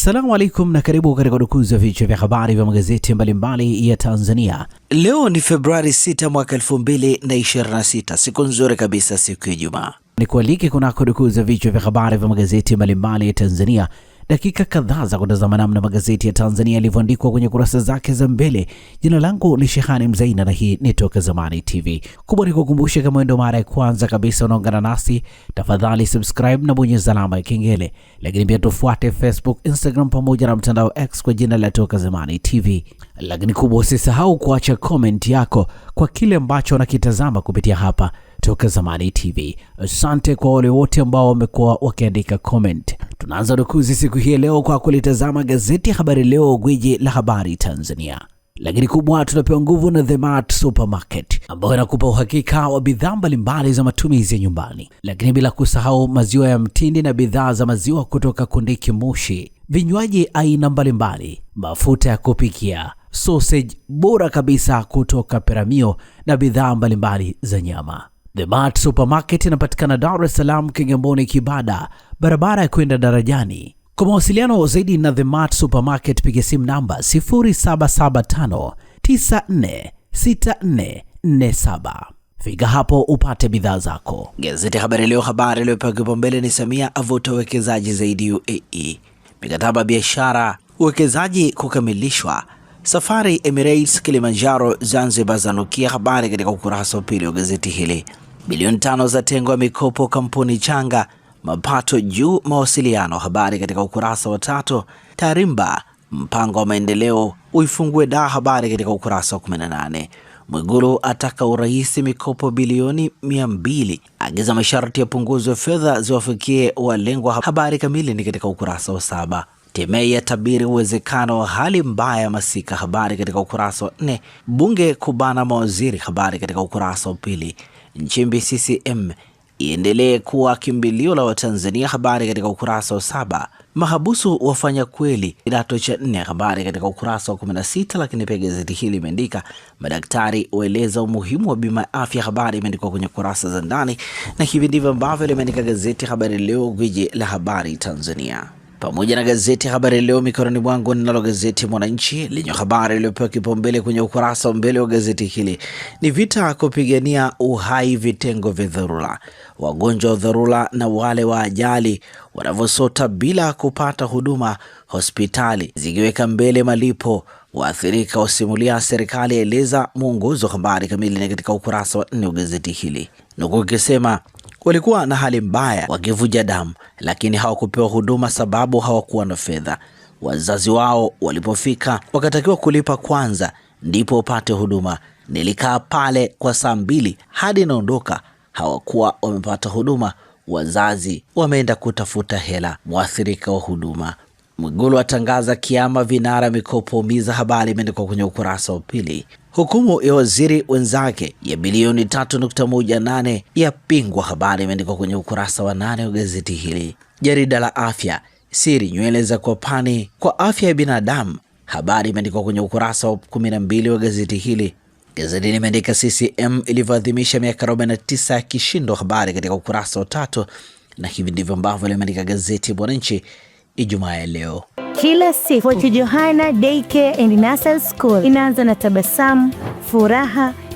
Assalamu alaikum na karibu katika dukuzi ya vichwa vya habari vya magazeti mbalimbali mbali ya Tanzania. Leo ni Februari 6 mwaka 2026, siku nzuri kabisa, siku ya Ijumaa. Nikualike kunako dukuzi ya vichwa vya habari vya magazeti mbalimbali mbali ya Tanzania dakika kadhaa za kutazama namna magazeti ya Tanzania yalivyoandikwa kwenye kurasa zake za mbele. Jina langu ni Shehani Mzaina na hii ni Toka Zamani TV. Kubwa ni kukumbusha, kama ndio mara ya kwanza kabisa unaungana nasi, tafadhali subscribe na bonyeza alama ya kengele, lakini pia tufuate Facebook, Instagram pamoja na mtandao X kwa jina la Toka Zamani TV. Lakini kubwa, usisahau kuacha comment yako kwa kile ambacho unakitazama kupitia hapa toka Zamani TV. Asante kwa wale wote ambao wamekuwa wakiandika comment. Tunaanza rukuzi siku hii leo kwa kulitazama gazeti Habari Leo, gwiji la habari Tanzania. Lakini kubwa tunapewa nguvu na The Mart Supermarket ambayo inakupa uhakika wa bidhaa mbalimbali za matumizi ya nyumbani, lakini bila kusahau maziwa ya mtindi na bidhaa za maziwa kutoka kundi Moshi, vinywaji aina mbalimbali, mafuta ya kupikia, sausage bora kabisa kutoka Peramio na bidhaa mbalimbali za nyama. The Mart Supermarket inapatikana Dar es Salaam, Kigamboni, Kibada, barabara ya kwenda darajani. Kwa mawasiliano zaidi na The Mart Supermarket piga simu namba 0775946447. figa hapo upate bidhaa zako. Gazeti ya Habari Leo, habari iliyopewa kipaumbele ni Samia avuta uwekezaji zaidi UAE, mikataba biashara uwekezaji kukamilishwa Safari Emirates Kilimanjaro Zanzibar zanukia, habari katika ukurasa wa pili wa gazeti hili. Bilioni tano za ya mikopo kampuni changa, mapato juu mawasiliano, habari katika ukurasa wa tatu. Tarimba mpango wa maendeleo uifungue da, habari katika ukurasa wa 18. Mwigulu ataka urahisi mikopo bilioni 200, agiza masharti ya punguzo fedha ziwafikie walengwa, habari kamili ni katika ukurasa wa saba. Temei yatabiri uwezekano wa hali mbaya ya masika. Habari katika ukurasa wa nne. Bunge kubana mawaziri. Habari katika ukurasa wa pili. Nchimbi CCM iendelee kuwa kimbilio la Watanzania. Habari katika ukurasa wa saba. Mahabusu wafanya kweli, kidato cha nne. Habari katika ukurasa wa sita. Lakini pia gazeti hili imeandika madaktari waeleza umuhimu wa bima ya afya. Habari imeandikwa kwenye kurasa za ndani, na hivi ndivyo ambavyo limeandika gazeti Habari Leo, gwiji la habari Tanzania pamoja na gazeti ya Habari Leo mikononi mwangu, ninalo gazeti Mwananchi lenye habari iliyopewa kipaumbele kwenye ukurasa wa mbele wa gazeti hili ni vita kupigania uhai, vitengo vya dharura, wagonjwa wa dharura na wale wa ajali wanavyosota bila kupata huduma hospitali zikiweka mbele malipo waathirika wasimulia, serikali yaeleza mwongozo. Habari kamili ni katika ukurasa wa nne wa gazeti hili, nuku ikisema walikuwa na hali mbaya, wakivuja damu, lakini hawakupewa huduma sababu hawakuwa na fedha. Wazazi wao walipofika, wakatakiwa kulipa kwanza ndipo upate huduma. Nilikaa pale kwa saa mbili hadi naondoka, hawakuwa wamepata huduma, wazazi wameenda kutafuta hela. Mwathirika wa huduma Mwigulu atangaza kiama vinara mikopo miza. Habari imeandikwa kwenye ukurasa wa pili. Hukumu ya waziri wenzake ya bilioni 3.18 yapingwa. Habari imeandikwa kwenye ukurasa wa nane wa gazeti hili. Jarida la afya siri nywele za kwapani kwa afya ya binadamu. Habari imeandikwa kwenye ukurasa wa 12 wa gazeti hili. Gazeti limeandika CCM ilivyoadhimisha miaka 49 ya kishindo, habari katika ukurasa wa tatu, na hivi ndivyo ambavyo limeandika gazeti Mwananchi. Ijumaa ya leo. Kila siku Fort Johanna Daycare and Nursery School inaanza na tabasamu, furaha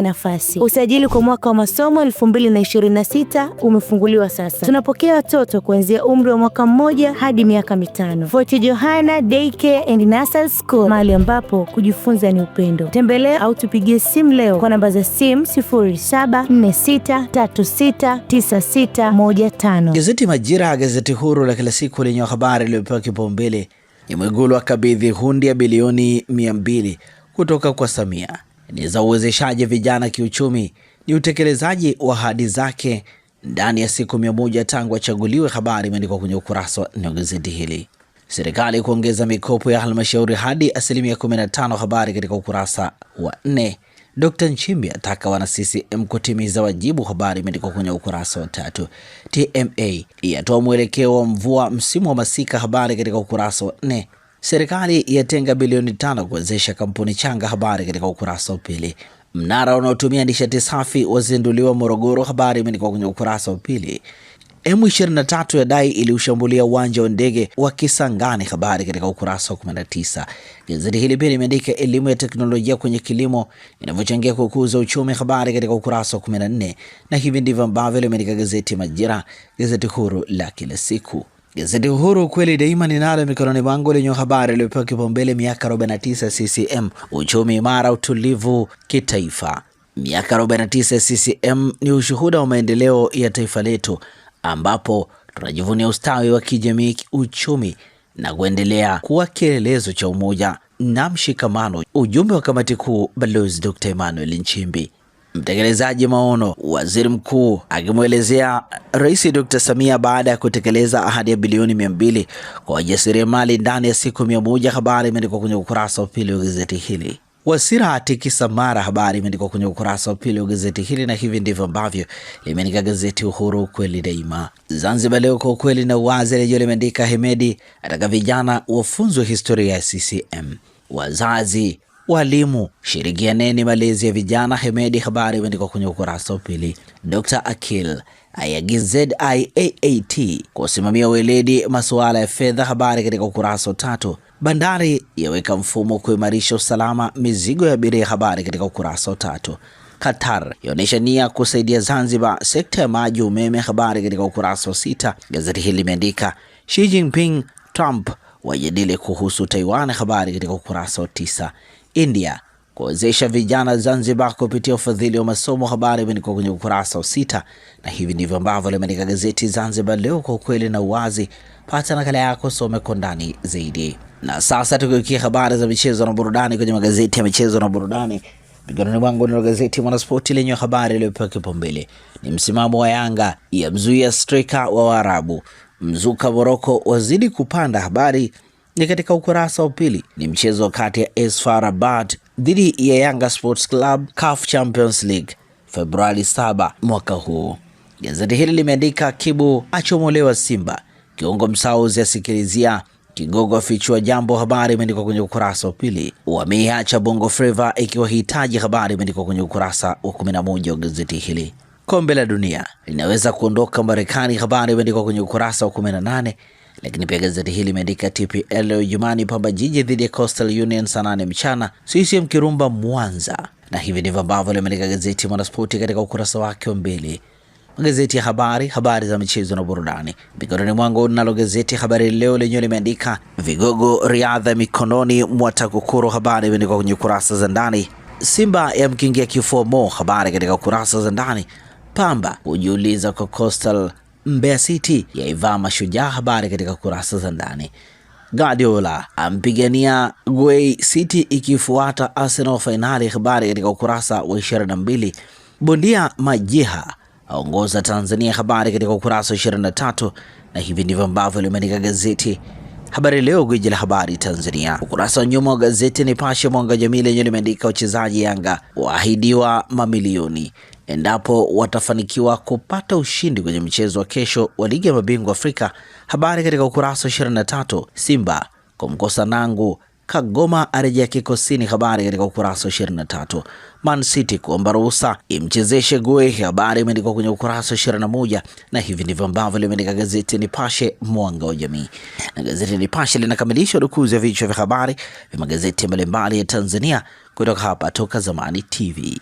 usikose nafasi. Usajili kwa mwaka wa masomo 2026 umefunguliwa sasa. Tunapokea watoto kuanzia umri wa mwaka mmoja hadi miaka mitano. Fort Johanna Daycare and Nursery School, mahali ambapo kujifunza ni upendo. Tembelea au tupigie simu leo kwa namba za simu 0746369615. Gazeti Majira, gazeti huru la kila siku lenye habari iliyopewa kipaumbele, Mwigulu akabidhi hundi ya bilioni 200 kutoka kwa Samia ni za uwezeshaji vijana kiuchumi ni utekelezaji wa ahadi zake ndani ya siku mia moja tangu achaguliwe. Habari imeandikwa kwenye ukurasa wa nne wa gazeti hili. Serikali kuongeza mikopo ya halmashauri hadi asilimia 15, habari katika ukurasa wa nne. Dr Nchimbi ataka wana CCM kutimiza wajibu, habari imeandikwa kwenye ukurasa wa tatu. TMA yatoa mwelekeo wa mvua msimu wa masika, habari katika ukurasa wa nne. Serikali yatenga bilioni tano kuwezesha kampuni changa. Habari katika ukurasa wa pili. Mnara unaotumia nishati safi wazinduliwa Morogoro. Habari imeandikwa kwenye ukurasa wa pili. M23 yadai iliushambulia uwanja wa ndege wa Kisangani. Habari katika ukurasa wa 19. Gazeti hili pia limeandika elimu ya teknolojia kwenye kilimo inavyochangia kukuza uchumi. Habari katika ukurasa wa 14, na hivi ndivyo ambavyo limeandika gazeti Majira, gazeti huru la kila siku. Gazeti Uhuru kweli daima ninalo mikononi mwangu lenye habari iliyopewa kipaumbele miaka 49 CCM, uchumi imara, utulivu kitaifa. Miaka 49 CCM ni ushuhuda wa maendeleo ya taifa letu, ambapo tunajivunia ustawi wa kijamii, uchumi na kuendelea kuwa kielelezo cha umoja na mshikamano. Ujumbe wa kamati kuu Balozi Dr. Emmanuel Nchimbi. Mtekelezaji maono, waziri mkuu akimwelezea Rais Dr. Samia baada ya kutekeleza ahadi ya bilioni mia mbili kwa wajasiriamali ndani ya siku mia moja. Habari imeandikwa kwenye ukurasa wa pili wa gazeti hili. Wasira atikisa Mara, habari imeandikwa kwenye ukurasa wa pili wa gazeti hili, na hivi ndivyo ambavyo limeandika gazeti Uhuru, ukweli daima. Zanzibar Leo, kwa ukweli na uwazi, lenyewe limeandika Hemedi ataka vijana wafunzwe historia ya CCM, wazazi Walimu shirikianeni malezi ya vijana. Hemedi, habari imeandikwa kwenye ukurasa wa pili. Dr Akil ayagi ziaat kusimamia weledi masuala ya fedha, habari katika ukurasa wa tatu. Bandari yaweka mfumo kuimarisha usalama mizigo ya abiria, habari katika ukurasa wa tatu. Qatar yaonyesha nia kusaidia Zanzibar sekta ya maji, umeme, habari katika ukurasa wa sita. Gazeti hili limeandika Xi Jinping Trump wajadili kuhusu Taiwan. Habari katika ukurasa wa tisa. India kuwezesha vijana Zanzibar kupitia ufadhili wa masomo. Habari imeandikwa kwenye ukurasa wa sita, na hivi ndivyo ambavyo limeandika gazeti Zanzibar Leo, kwa ukweli na uwazi. Pata nakala yako, some kwa ndani zaidi. Na sasa tukiukia habari za michezo na burudani kwenye magazeti ya michezo na burudani mikononi mwangu nalo gazeti Mwanaspoti lenye habari iliyopewa kipaumbele ni msimamo wa Yanga mzuia strika wa Waarabu mzuka Moroko wazidi kupanda. Habari ni katika ukurasa wa pili, ni mchezo kati ya AS FAR Rabat dhidi ya Yanga Sports Club CAF Champions League Februari 7 mwaka huu. Gazeti hili limeandika Kibu achomolewa Simba, kiungo msauzi asikilizia kigogo fichua jambo. Habari imeandikwa kwenye ukurasa wa pili. wameacha Bongo Flava ikiwahitaji, habari imeandikwa kwenye ukurasa wa 11 wa gazeti hili kombe la dunia linaweza kuondoka Marekani. Habari imeandikwa kwenye ukurasa wa 18, lakini pia gazeti hili limeandika TPL leo Jumani Pamba Jiji dhidi ya Coastal Union saa nane mchana, CCM Kirumba Mwanza, na hivi ndivyo ambavyo limeandika gazeti Mwanaspoti katika ukurasa wake wa mbili magazeti ya habari, habari za michezo na burudani. Mikononi mwangu nalo gazeti Habari Leo lenyewe limeandika vigogo riadha mikononi mwa TAKUKURU. Habari imeandikwa kwenye kurasa za ndani. Simba yamkingia kifua Mo, habari katika kurasa za ndani pamba kujiuliza kwa Coastal Mbeya City yaivaa Mashujaa. Habari katika kurasa za ndani. Guardiola ampigania Gwei City ikifuata Arsenal fainali. Habari katika ukurasa wa 22. Bondia Majiha aongoza Tanzania. Habari katika ukurasa wa 23, na hivi ndivyo ambavyo limeandika gazeti Habari Leo, gwiji la habari Tanzania. Ukurasa wa nyuma wa gazeti Nipashe mwanga jamii lenye limeandika wachezaji Yanga waahidiwa mamilioni endapo watafanikiwa kupata ushindi kwenye mchezo wa kesho wa ligi ya mabingwa Afrika. Habari katika ukurasa wa 23. Simba kumkosa Nangu Kagoma arejea kikosini. Habari katika ukurasa wa 23. Man City kuomba ruhusa imchezeshe Gue. Habari imeandikwa kwenye ukurasa wa 21, na hivi ndivyo ambavyo limeandika gazeti Nipashe mwanga wa jamii, na gazeti Nipashe linakamilisha udukuzi ya vichwa vya habari vya magazeti mbalimbali ya Tanzania kutoka hapa Toka Zamani TV.